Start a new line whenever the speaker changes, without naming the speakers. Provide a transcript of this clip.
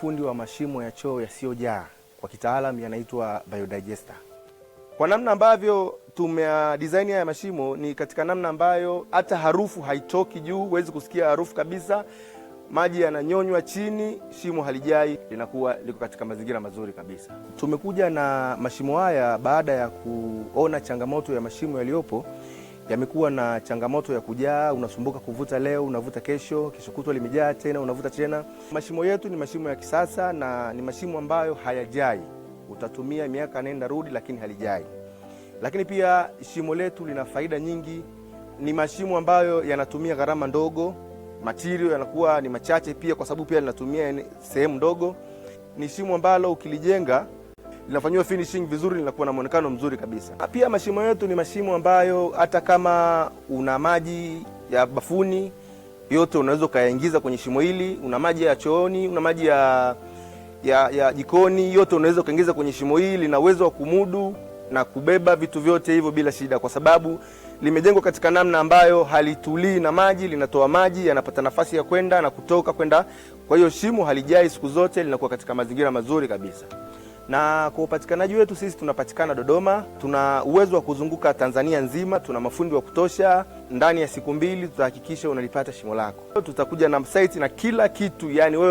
fundi wa mashimo ya choo yasiyojaa, kwa kitaalam yanaitwa biodigester. Kwa namna ambavyo tumea design ya mashimo ni katika namna ambayo hata harufu haitoki juu, huwezi kusikia harufu kabisa. Maji yananyonywa chini, shimo halijai, linakuwa liko katika mazingira mazuri kabisa. Tumekuja na mashimo haya baada ya kuona changamoto ya mashimo yaliyopo yamekuwa na changamoto ya kujaa, unasumbuka kuvuta leo, unavuta kesho, kesho kutwa limejaa tena, unavuta tena. Mashimo yetu ni mashimo ya kisasa na ni mashimo ambayo hayajai, utatumia miaka nenda rudi, lakini halijai. Lakini pia shimo letu lina faida nyingi, ni mashimo ambayo yanatumia gharama ndogo, matirio yanakuwa ni machache pia, kwa sababu pia linatumia sehemu ndogo. Ni shimo ambalo ukilijenga linafanyiwa finishing vizuri, linakuwa na mwonekano mzuri kabisa. Pia mashimo yetu ni mashimo ambayo hata kama una maji ya bafuni yote unaweza ukayaingiza kwenye shimo hili, una maji ya chooni, una maji ya, ya, ya jikoni yote unaweza ukaingiza kwenye shimo hili. Lina uwezo wa kumudu na kubeba vitu vyote hivyo bila shida, kwa sababu limejengwa katika namna ambayo halitulii na maji, linatoa maji, yanapata nafasi ya kwenda na kutoka kwenda. Kwa hiyo shimo halijai siku zote, linakuwa katika mazingira mazuri kabisa na kwa upatikanaji wetu sisi tunapatikana Dodoma. Tuna uwezo wa kuzunguka Tanzania nzima, tuna mafundi wa kutosha. Ndani ya siku mbili tutahakikisha unalipata shimo lako. Tutakuja na site na kila kitu, yani wewe